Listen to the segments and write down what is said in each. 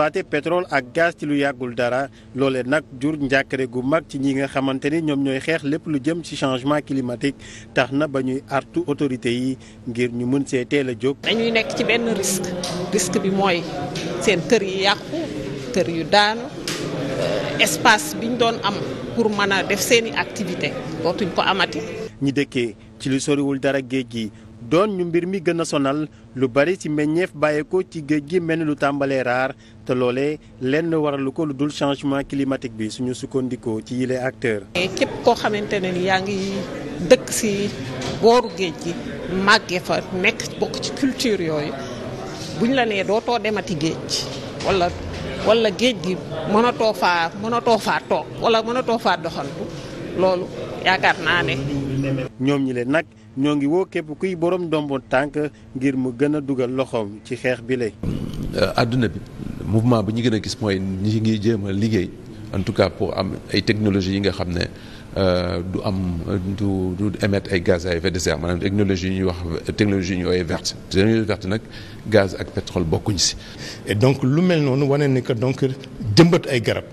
faate pétrole ak gaz ci lu yàggul dara loole nag jur njàkkare gu mag ci ñi nga xamante ni ñoom ñooy xeex lépp lu jëm ci changement climatique tax na ba ñuy artu autorité yi ngir ñu mën see teel a jóg. dañuy nekk ci benn risque bi mooy seen kër yi yàqu tër yu daanu euh, espace bi doon am pour mën a def seen i activité dootuñ ko amati. ñi dëkkee ci lu sorewul dara géej gi. doon ñu mbir mi gën a sonal lu bari ci meññeef bàyyeekoo ci géej gi mel ni lu tàmbalee raar te loole lenn waralu ko lu dul changement climatique bi suñu sukkandikoo ci yile acteur képp koo xamante ne ni yaa ngi dëkk si booru géej gi màggee fa nekk bokk ci culture yooyu buñ la nee dootoo demati géej wala wala géej gi mënatoo faa mënatoo faa toog wala mënatoo faa doxantu loolu. yaakaar naa ne. ñoom ñi leen nag ñoo ngi woo képp kuy borom ndombo tànk ngir mu gën a dugal loxoom ci xeex bi lay euh, àdduna bi mouvement bi ñu gën a gis mooy ñi ngi jéem liggéey en tout cas pour am ay technologies yi nga xam ne euh, du am du du émettre ay gaz à effet de serre maanaam technologie yi ñuy wax technologie yi vert ooyee verte technologie verte nag gaz ak pétrole bokkuñ si. et donc lu mel noonu wane ni que donc jëmbat ay garab.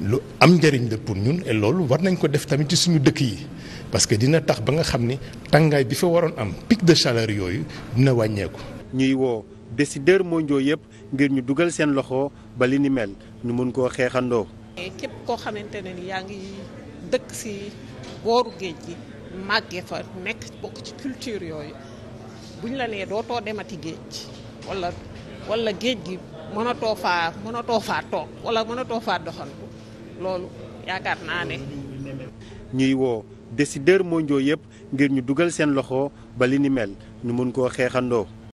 lu am njëriñ la pour ñun loolu war nañ ko def tamit ci suñu dëkk yi parce que dina tax ba nga xam ni tàngaay bi fa waroon am pic de chaleur yooyu dina wàññeeku. ñuy woo décideurs mondiaux yëpp ngir ñu dugal seen loxo ba li ni mel ñu mën koo xeexandoo. képp koo xamante ne ni yaa ngi dëkk si booru géej gi màggee fa nekk bokk ci culture yooyu buñ la nee dootoo demati géej wala wala géej gi mënatoo faa mënatoo faa toog wala mënatoo faa doxantu. loolu yaakaar naa ne. ñuy woo décideurs mondiaux yëpp ngir ñu dugal seen loxo ba li ni mel ñu mun koo xeexandoo.